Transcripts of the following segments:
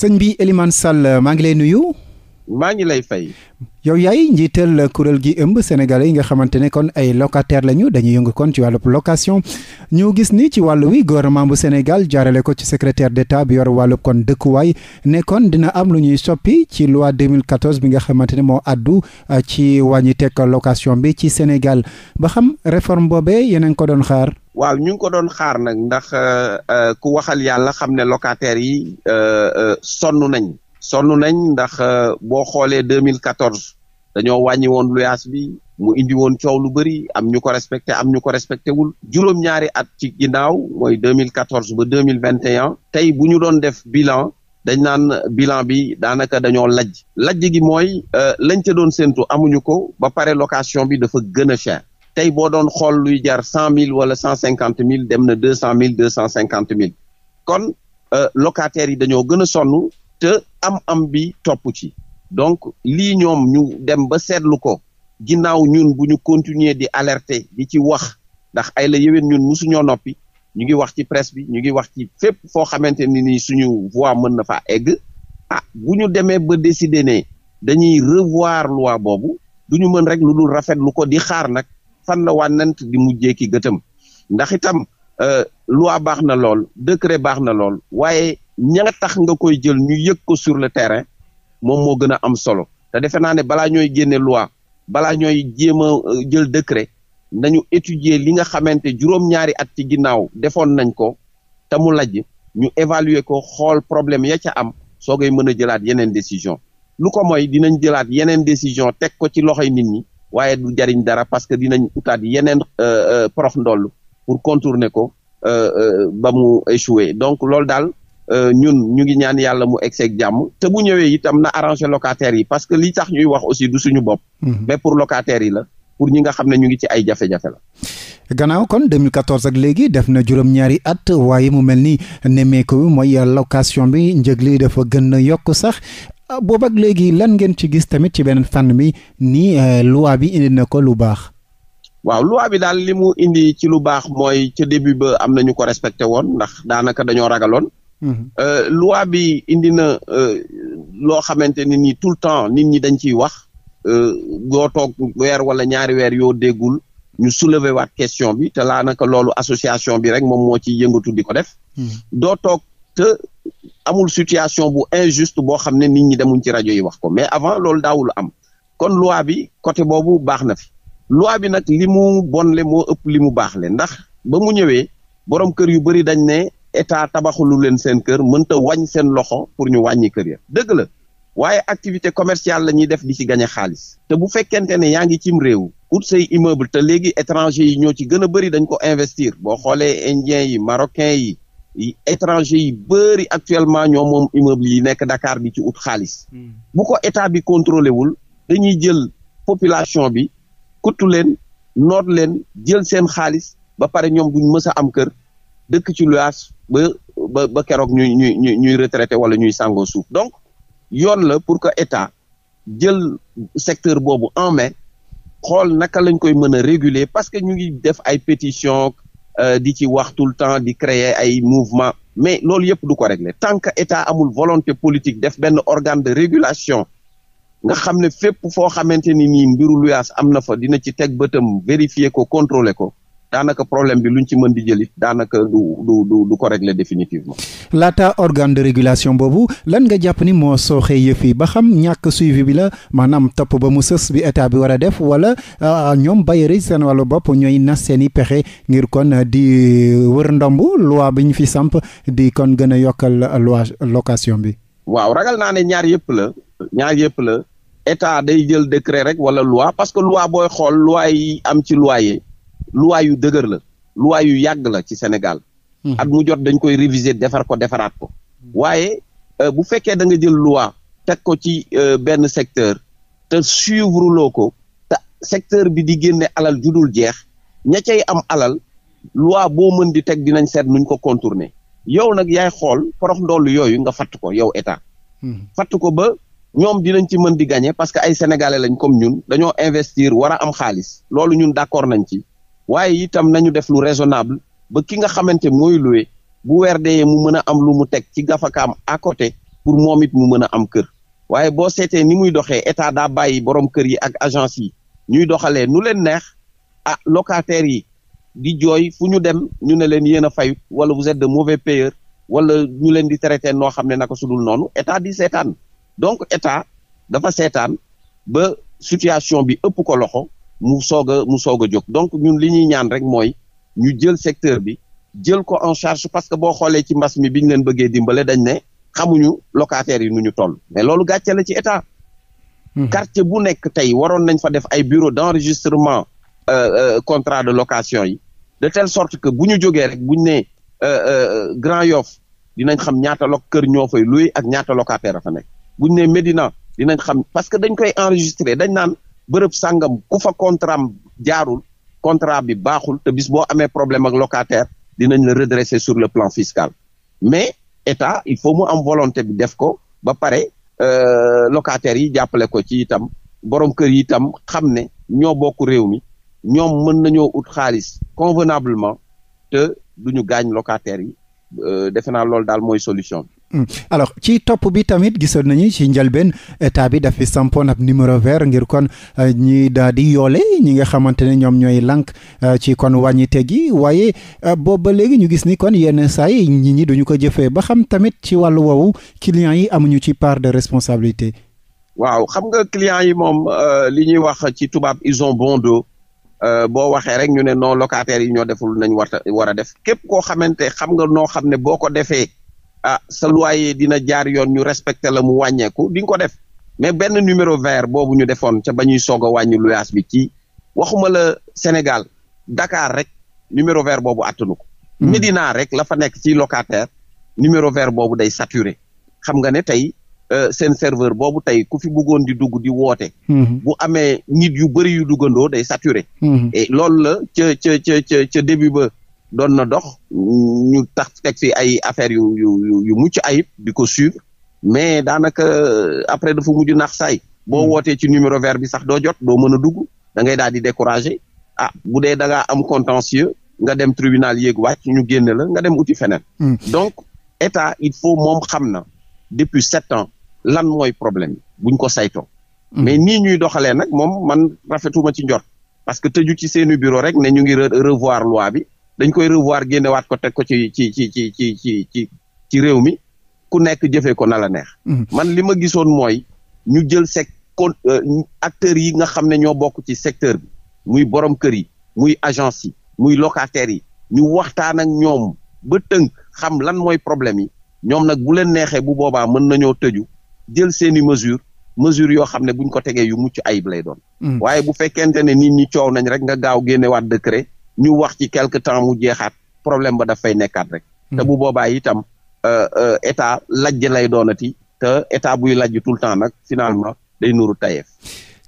sëñ bii Elimane Sall maa ngi lay nuyu. maa ngi lay fay. yow yaay njiital kuréel gi ëmb sénégal yi nga xamante ne kon ay locataire lañu dañuy yëngu kon ci wàllub location ñoo gis ni ci wàllu wi gouvernement bu Sénégal jaarale ko ci secretaire d'État bi yor wàllub kon dëkkuwaay ne kon dina am lu ñuy soppi ci loi 2014 bi nga xamante ne moo addu euh, ci wàññi teg location bi ci Sénégal ba xam réforme boobee yeneen ko doon xaar. waaw ñu ko doon xaar nag ndax euh, euh, ku waxal yàlla xam ne locataires yi sonn nañ. sonn nañ ndax euh, boo xoolee 2014 dañoo wàññi woon luyaas bi mu indi woon coow lu bëri am ñu ko respecté am ñu ko respecté wul juróom-ñaari at ci ginnaaw mooy 2014 ba mille vingt 2021 tey bu ñu doon def bilan dañ naan bilan bi daanaka dañoo lajj lajj gi mooy euh, lañ te doon séntu amuñu ko ba pare location bi dafa gën a cher tey boo doon xool luy jar cent mille wala cent cinquante mille dem na deux cent mille deux cent cinquante mille kon euh, locataires yi dañoo gën a sonn te am-am bi topp ci donc lii ñoom ñu dem ba seetlu ko ginnaaw ñun bu ñu continuer di alerter di ci wax ndax ay la yéwén ñun mosuñoo noppi ñu ngi wax ci presse bi ñu ngi wax ci fépp foo xamante ni nii suñu voix mën na faa egg ah bu ñu demee ba décider ne dañuy revoir loi boobu du ñu mën rek lu dul rafet rafetlu ko di xaar nag fan la wànnant di mujjee ki gëtëm ndax itam euh, loi baax na lool décret baax na lool waaye ña nga tax nga koy jël ñu yëg ko sur le terrain moom moo gën a am solo te defe naa ne balaa ñooy génne loi balaa ñooy jéem a euh, jël décret nañu étudier li nga xamante juróom-ñaari at ci ginnaaw defoon nañ ko te mu laj ñu évaluer ko xool problème ya ca am soo koy mën a jëlaat yeneen décision lu ko mooy dinañ jëlaat yeneen décision teg ko ci loxoy nit ñi waaye du jariñ dara parce que dinañ utaat yeneen euh, euh, prox ndoll pour contourner ko ba mu échouer donc loolu daal Euh, ñun ñu ngi ñaan yàlla mu egseeg jàmm te bu ñëwee itam na arrangé locataires yi parce que li tax ñuy wax aussi du suñu bopp mhm. mais pour locataires yi la pour ñi nga xam ne ñu ngi ci ay jafe-jafe la gannaaw kon 2014 ak léegi def na juróom-ñaari at waaye mu mel ni nemmeeku bi mooy location bi njëg li dafa gën a yokk sax ah, boobu ak léegi lan ngeen ci gis tamit ci beneen fànn bi ni euh, loi bi indi na ko lu baax waaw loi bi daal li mu indi ci lu baax mooy ca début ba am na ko respecté woon ndax daanaka dañoo ragaloon Euh, loi bi indi na euh, loo xamante ne ni tout le temps nit ñi dañ ciy wax boo euh, toog weer wala ñaari weer yoo déggul ñu soulever waat question bi te laa naka loolu association bi rek moom moo ciy yëngatu di ko def. Hmm. doo toog te amul situation bu injuste boo xam ne nit ñi demuñ ci rajo yi wax ko mais avant loolu daawul am kon loi bi côté boobu baax na fi. loi bi nag li mu bonle moo ëpp li mu baax le ndax ba mu borom kër yu bëri dañ ne état tabaxulu leen seen kër mënta wàññ seen loxo pour ñu wàññi kër ya dëgg la waaye activité commerciale la ñuy def bi ci gañ xaalis te bu fekkente ne yaa ngi cim réew ut say immeuble te léegi étranger yi ñoo ci gën a bëri dañ ko investir boo xoolee indiens yi marocains yi étranger yi bëri actuellement ñoom moom immeuble yi nekk Dakar bi ci ut xaalis hmm. bu état bi contrôlé wul dañuy jël population bi kuttu leen noot leen jël seen xaalis ba pare ñoom duñ mës a am kër ba ba keroog ñuy ñuy ñuy ñuy retraité wala ñuy sàngoo suuf donc yoon la pour que état jël secteur boobu en mais xool naka lañ koy mën a réguler parce que ñu ngi def ay pétition euh, di ci wax le temps di créer ay mouvement mais loolu yëpp du ko régler tant que état amul volonté politique def benn organe de régulation nga xam ne fépp foo xamante ni nii mbiru luyaas am na fa dina ci teg bëtam vérifier ko contrôler ko daanaka problème bi luñ ci mën di jëlit daanaka du du du ko régler définitivement. laata organe de régulation boobu lan nga jàpp ni moo sooxee yëf yi ba xam ñàkk suivi bi la maanaam topp ba mu sës bi état bi war a def wala ah, ñoom bailleurs seen wàllu bopp ñooy nas seen i pexe ngir kon di wër ndomb loi bi ñu fi samp di kon gën a yokkal loi location bi. waaw ragal naa ñaar yëpp la ñaar yëpp la état day jël décret rek wala loi parce que loi booy xool loi am ci loi yi loi yu dëgër la loi yu yàgg la ci senegal hmm. at mu jot dañ koy réviser defar ko defaraat ko hmm. waaye euh, bu fekkee da nga jël loi teg ko ci euh, benn secteur te suivre loo ko te secteur bi di génne alal dul jeex ña cay am alal loi boo mën di teg dinañ seet nuñ ko contourner yow nag yaay xool porox ndoll yooyu nga fatt ko yow état hmm. fatt ko ba ñoom dinañ ci mën di gagner parce que ay sénégalais lañ comme ñun dañoo investir war a am xaalis loolu ñun d'accord nañ ci waaye itam nañu def lu raisonnable ba ki nga xamante mooy loué bu weer dee mu mën a am lu mu teg ci gafakaam à côté pour moom it mu mën a am kër waaye boo seetee ni muy doxee état da bàyyi borom kër yi ak agence yi ñuy doxalee nu leen neex ah locataires yi di jooy fu ñu dem ñu ne leen yéen a fayut wala vous êtes de mauvais payeur wala ñu leen di traité noo xam ne naka sudul noonu état di seetaan donc état dafa seetaan ba situation bi ëpp ko loxo mu soog a mu soog a jóg donc ñun li ñuy ñaan rek mooy ñu jël secteur bi jël ko en charge parce que boo xoolee ci mbas mi bi ñu leen bëggee dimbale dañ ne xamuñu locataires yi nu ñu tool mais loolu gàcce la ci état. Hmm. quartier bu nekk tey waroon nañ fa def ay bureau d'enregistrement euh, euh, contrat de location yi de telle sorte que bu ñu jógee rek bu ñu nee euh, euh, Grand Yoff dinañ xam ñaata lo kër ñoo fay luy ak ñaata locataire a fa nekk bu ñu nee Médina dinañ xam parce que dañ koy enregistrer dañ naan bërëb sàngam ku fa contrat jaarul contrat bi baaxul te bis boo ame problème ak locataire dinañ la redresser sur le plan fiscal mais état il faut mu am volonté bi def ko ba pare euh, locataires yi jàppale ko ci itam borom kër yi itam xam ne ñoo bokk réew mi ñoom mën nañoo ut xaalis convenablement te ñu gaañ locataires yi euh, defe naa loolu daal mooy solution bi Hmm. alors ci topp bi tamit gisoon nañu ci njalbeen état bi dafi sampoon ab numéro vert ngir kon euh, ñi daal di yoole ñi nga xamante ne ñoom ñooy lànk euh, ci kon wàññite gi waaye euh, boobu léegi ñu gis ni kon yenn saa yi nit ñi duñu ko jëfee ba xam tamit ci wàllu woowu clients yi amuñu ci part de responsabilité. waaw xam nga clients yi moom li ñuy wax ci tubaab ils ont bon boo waxee rek ñu ne non locataires yi ñoo deful nañ war war a def képp koo xamante xam nga noo xam ne boo ko defee. ah sa loyer dina jaar yoon ñu respecté la mu wàññeeku di nga ko def mais benn numéro vert boobu ñu defoon ca ba ñuy soog a wàññi luyaas bi ci waxuma la Sénégal Dakar rek numéro vert boobu attanu ko. Hmm. Médina rek la fa nekk ci locataire numéro vert boobu day saturé xam nga ne tey euh, seen serveur boobu tey ku fi bëggoon di dugg di woote. Hmm. bu amee nit yu bëri yu duggandoo day saturé. Mm loolu la ca ca ca ca début ba. don na dox ñu tax teg fi ay affaires yu yu yu mucc ayib di ko suivre mais daanaka euh, après dafa mujj nax saay boo hmm. wootee ci numéro vert bi sax doo jot doo mën a dugg da ngay daal di découragé ah bu dee da am contentieux nga dem tribunal yéeg wàcc ñu génne la nga dem uti feneen. Hmm. donc état il faut moom xam na depuis sept ans lan mooy problème bi buñ ko saytoo. Hmm. mais nii ñuy doxalee nag moom man rafetuma ci njort. parce que tëju ci seeni bureau rek ne ñu ngi revoir loi bi. dañ koy revoir génnewaat ko teg ko ci ci ci ci ci ci ci ci réew mi ku nekk jëfee ko na la neex. Mm-hmm. man li ma gisoon mooy ñu jël sek con euh, acteurs yi nga xam ne ñoo bokk ci secteur bi muy borom kër yi muy agence yi muy locataires yi ñu waxtaan ak ñoom ba tënk xam lan mooy problème yi ñoom nag bu leen neexee bu boobaa mën nañoo tëju jël seeni mesures mesures yoo xam ne buñ ko tegee yu mucc ayib lay doon. Mm-hmm. waaye bu fekkente ne nit ñi coow nañ rek nga gaaw génnewaat décret ñu wax ci quelque temps mu jeexaat problème ba dafay nekkaat rek. Hmm. te bu boobaa itam euh, euh, état lajj lay doonati te état buy lajj tout le temps nag finalement day nuru tayeef.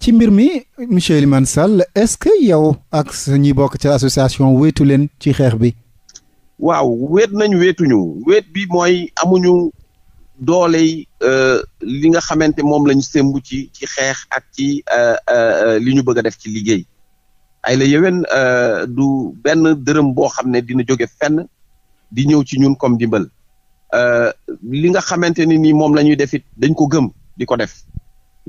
ci mbir mi monsieur man Sall est-ce que yow ak ñi bokk ci association wéetu leen ci xeex bi. waaw weet nañ weetuñu weet bi mooy amuñu dooley euh, li nga xamante moom lañu sëmb ci ci xeex ak ci li ñu bëgg a def ci liggéey. ay la yéwén euh, du benn dërëm boo xam ne dina joge fenn di ñëw ci ñun comme dimbal euh, li nga xamante ni nii moom la def it dañ ko gëm di ko def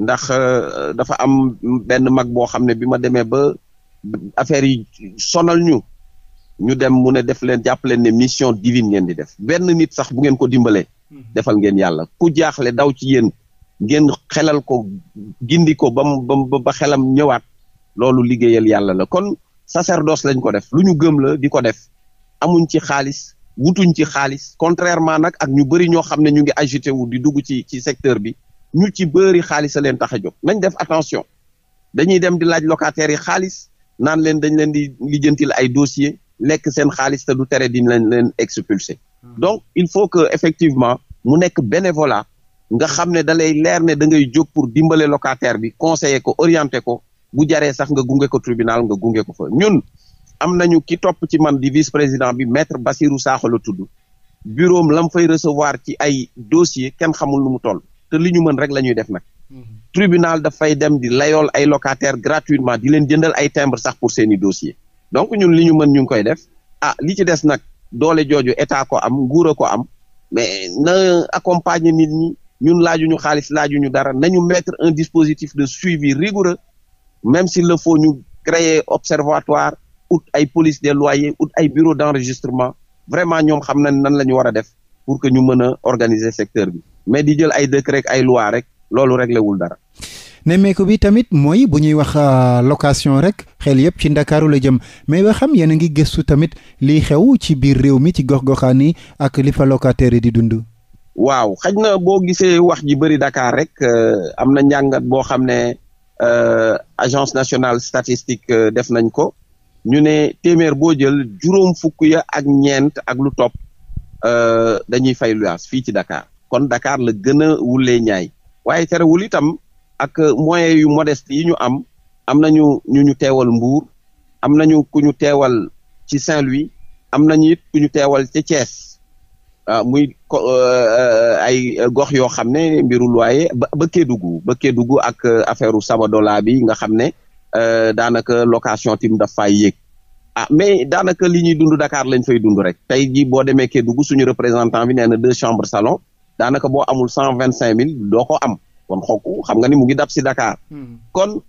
ndax euh, dafa am benn mag boo xam ne bi ma demee ba affaire yi sonal ñu ñu dem mu ne def leen jàpp leen ne mission divine ngeen di def benn nit sax bu ngeen ko dimbalee. Mhm. defal ngeen yàlla ku jaaxle daw ci yéen ngeen xelal ko gindi ko ba mu ba ba xelam ñëwaat. loolu liggéeyal yàlla la kon sacerdoce lañ ko def lu ñu gëm la di ko def amuñ ci xaalis wutuñ ci xaalis contrairement nag ak ñu bëri ñoo xam ne ñu ngi agité wu di dugg ci ci secteur bi ñu ci bëri xaalis a leen tax a jóg nañ def attention dañuy dem di laaj locataires yi xaalis naan leen dañ leen di lijjantil ay dossier lekk seen xaalis te du tere di leen leen expulsé hmm. donc il faut que effectivement mu nekk bénévolat nga xam ne da lay leer ne da ngay jóg pour dimbale locataire bi conseiller ko orienter ko bu jaree sax nga gunge ko tribunal nga gunge ko fa ñun am nañu ki topp ci man di vice président bi mettre Bassirou Sakho la tudd bureau am fay recevoir ci ay dossier kenn xamul nu mu toll te li ñu mën rek la ñuy def nag mhm. tribunal dafay dem di layool ay locataire gratuitement di leen jëndal ay timbre sax pour seeni dossier donc ñun li ñu mën ñu ngi koy def a ah, li ci des nag doole jooju état ko am nguur ko am mais na accompagner nit ñi ñun ñu xaalis laajuñu dara nañu mettre un dispositif de suivi rigoureux même si le faut ñu créer observatoire ut ay police des loyers ut ay bureau d'enregistrement vraiment ñoom xam na nan la ñu war a def pour que ñu mën a organiser secteur bi mais di jël ay rek ay loi rek loolu réglé wul dara. nemmeeku bi tamit mooy bu ñuy wax euh, location rek xel yëpp ci ndakaaru la jëm mais ba xam yéen a ngi gëstu tamit liy xew ci biir réew mi ci gox-goxaan yi ak li fa locataires yi di dund. waaw xaj na boo gisee wax ji bëri Dakar rek euh, am na njàngat boo xam ne Euh, agence nationale statistique euh, def nañ ko ñu ne téeméer boo jël juróom fukk ya ak ñeent ak lu topp euh, dañuy fay luyaas fii ci Dakar kon Dakar la gën a wulee ñaay waaye terewul itam ak moyen yu modeste yi ñu am am nañu ñu ñu teewal Mbour am nañu ku ñu teewal ci Saint-Louis am nañu it ku ñu teewal ca Thiès Ah, muy eh, eh, ay gox yoo xam ne mbiru ba ba Kédougou ba Kédougou ak eh, affaire Sabadola bi nga xam ne daanaka location tim daf fay yéeg ah mais daanaka li ñuy dund Dakar lañ fay dund rek tey jii boo demee Kédougou suñu représentant bi nee na deux chambres salon daanaka boo amul cent vingt cinq mille doo ko am kon xooku xam nga ni mu ngi dab si Dakar. Hmm. kon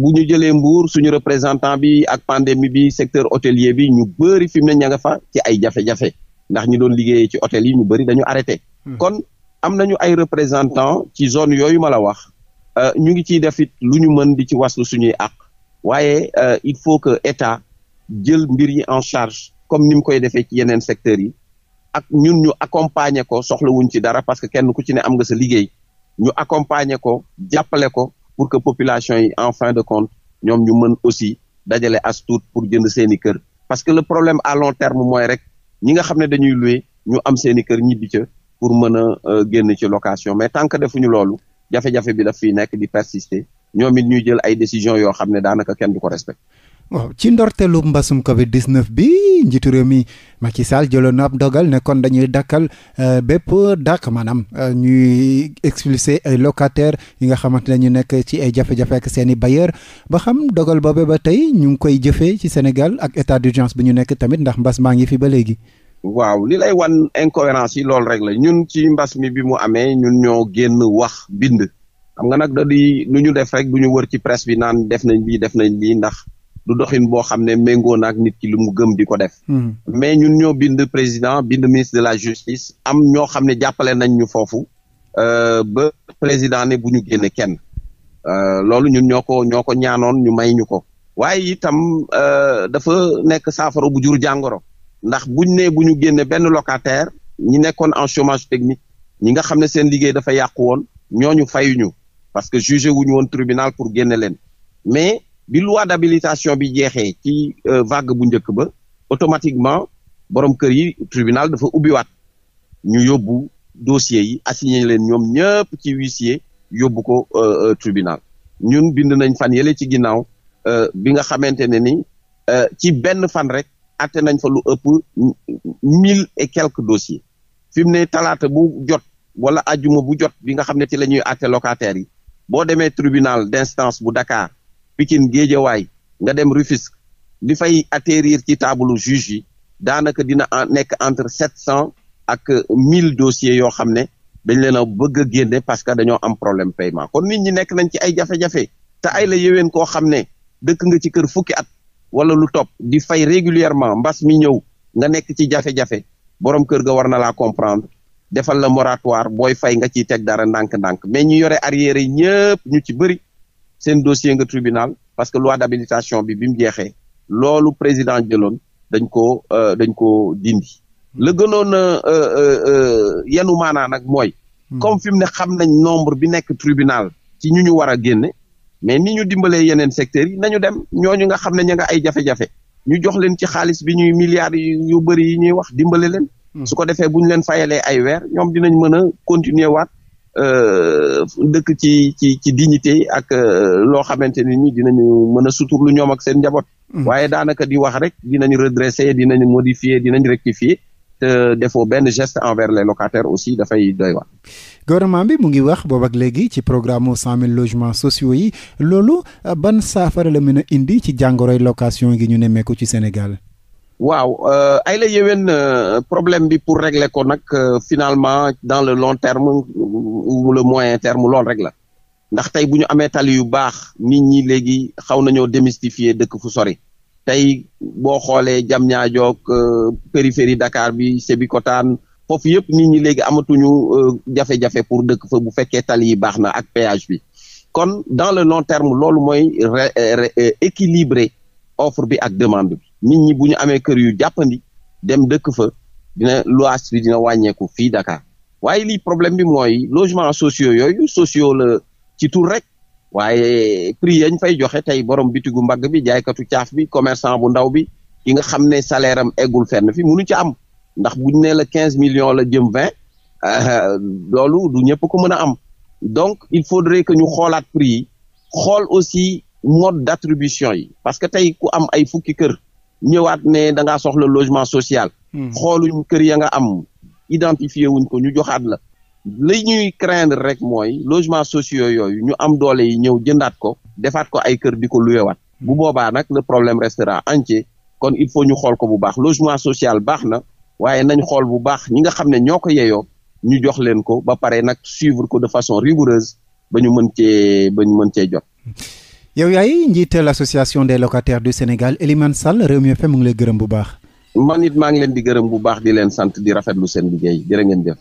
bu ñu jëlee Mbour suñu représentant bi ak pandémie bi secteur hôtelier bi ñu bëri fi mu ne ña fa ci ay jafe-jafe. ndax ñi doon liggéeyee ci hôtel yi ñu bëri dañu arrêté. Hmm. kon am nañu ay représentant ci zone yooyu ma la wax euh, ñu ngi ciy def it lu ñu mën di ci waslu suñuy àq waaye euh, il faut que état jël mbir yi en charge comme ni mu koy defee ci yeneen secteurs yi ak ñun ñu accompagner ko soxlawuñ ci dara parce que kenn ku ci ne am nga sa liggéey ñu accompagner ko jàppale ko pour que population yi en fin de compte ñoom ñu mën aussi dajale as tuut pour jënd seeni kër parce que le problème à long mooy rek. ñi nga xam ne dañuy loué ñu am seen i kër ñibbi ca pour mën a euh, génn ci location mais tant que defuñu loolu jafe-jafe bi daf fiy nekk di persister ñoom it ñuy jël ay décisions yoo xam ne daanaka kenn du ko respecté. waaw ci ndorteelu mbasum Covid 19 bi njiitu réew mi Macky Sall jëloon na ab dogal ne kon dañuy dakkal euh, bépp dàq maanaam euh, ñuy expulser ay locataires yi nga xamante ne ñu nekk ci ay jafe-jafe ak seen i bailleurs ba xam dogal boobee ba tey ñu ngi koy jëfee ci Sénégal ak état d'urgence bu ñu nekk tamit ndax mbas maa ngi fi ba léegi. waaw li lay wan incohérence yi loolu rek la ñun ci mbas mi bi mu amee ñun ñoo génn wax bind. xam nga nag da di lu ñu def rek du ñu wër ci presse bi naan def nañ lii def nañ lii ndax. du doxin boo xam ne méngoo na ak nit ki lu mu gëm di ko def. Hmm. mais ñun ñoo bind président bind ministre de la justice am ñoo xam ne jàppale nañ ñu foofu euh, ba président ne bu ñu génne kenn euh, loolu ñun ñoo ko ñoo ko ñaanoon ñu may ñu ko. waaye itam euh, dafa nekk saafara bu jur jàngoro ndax buñ ne bu ñu génne benn locataire ñi nekkoon en chômage technique ñi nga xam ne seen liggéey dafa yàqu woon ñooñu fayuñu parce que jugé wuñu woon tribinal pour génne leen mais bi loi d'habilitation bi jeexee ci euh, vague bu njëkk ba automatiquement borom kër yi tribunal dafa ubbiwaat ñu yóbbu dossier yi assigné leen ñoom ñëp ci huissier yóbbu ko euh, euh, tribunal ñun bind nañ fan yële ci ginnaaw bi nga xamante ne ni ci benn fan rek atte nañ fa lu ëpp mille et quelques dossiers fi mu ne talaata bu jot wala ajuma bu jot bi nga xam ne ci la ñuy atte locataires yi boo deme tribunal d'instance bu Dakar Pikine Géejawaay nga dem Rufisque li fay atterrir ci taabalu juge yi daanaka dina nekk entre sept cent ak mille dossiers yoo xam ne dañ leen a bëgg génne parce que dañoo am problème paiement kon nit ñi nekk nañ ci ay jafe-jafe te ay la yeween koo xam ne dëkk nga ci kër fukki at wala lu top di fay régulièrement mbas mi ñëw nga nekk ci jafe-jafe borom kër ga war na laa comprendre defal la moratoire booy fay nga ciy teg dara ndànk-ndànk mais ñu yore arrière yi ñëpp ñu ci bëri seen dossier nga tribunal parce que loi d'habilitation bi bi mu jeexee loolu président jëloon dañ ko euh, dañ ko dindi hmm. la gënoon euh, euh, yenu maanaa nag mooy hmm. comme fi mu ne xam nañ nombre bi nekk tribunal ci ñu ñu war a génne mais ni ñu dimbalee yeneen secteurs yi nañu dem ñooñu nga xam ne ña ay jafe-jafe ñu jox leen ci xaalis bi ñuy milliards yu bëri yi ñuy wax dimbale leen hmm. su ko defee bu ñu leen fayalee ay weer ñoom dinañ mën a continuer waat Euh, dëkk ci ci ci dignité ak euh, loo xamante ne ni dinañu mën a lu ñoom ak seen njaboot. Mm. waaye daanaka di wax rek dinañ redresser dinañ modifier dinañ rectifier. te defoo benn geste envers les locataires aussi dafay doy waar. gouvernement bi mu ngi wax boobu ak léegi ci programme mu 100000 logements sociaux yi loolu euh, ban saafara la mën a indi ci jàngoroy location gi ñu nemmeeku ci Sénégal. waaw euh, ay la yéwén euh, problème bi pour régler ko nag euh, finalement dans le long terme ou le moyen terme loolu rek la ndax tey bu ñu amee tali yu baax nit ñi léegi xaw nañoo démystifier dëkk fu sori tey boo xoolee Diamniadio périphérie Dakar bi Sébikotane foofu yëpp nit ñi léegi amatuñu jafe-jafe pour dëkk fa bu fekkee tali yi baax na ak péage bi kon dans le long terme loolu mooy équilibrer offre bi ak demande bi nit ñi bu ñu amee kër yu jàppandi dem dëkk fa dina loyer bi dina wàññeeku fii Dakar waaye lii problème bi mooy logement sociaux yooyu sociaux la ci tur rek waaye prix yañ fay joxe tey borom bitigu mbagg bi jaaykatu caaf bi commerçant bu ndaw bi ki nga xam ne salaire am eggul fenn fi munu ci am ndax buñ ne la quinze millions la jëm vingt euh, loolu du ñëpp ko mën a am donc il faudrait que ñu xoolaat prix yi xool aussi mode d'attribution yi parce que tey ku am ay fukki kër ñëwaat ne da ngaa soxla logement social. Hmm. xooluñ kër ya nga am identifié wuñ ko ñu joxaat la. li ñuy craindre rek mooy logements sociaux yooyu ñu am doole yi ñëw jëndaat ko defaat ko ay kër di ko luyewaat hmm. bu boobaa nag le problème restera entier kon il faut ñu xool ko bu baax logement social baax na waaye nañ xool bu baax ñi nga xam ne ñoo ko yeyoo ñu jox leen ko ba pare nag suivre ko de façon rigoureuse ba ñu mën cee ba ñu mën cee jot. Hmm. yow yaay njiital association des locataires du Sénégal Elimane Sall Rewmi FM mu ngi lay gërëm bu baax. man maa ngi leen di gërëm bu baax di leen sant di rafet rafetlu seen liggéey jërë ngeen jëf.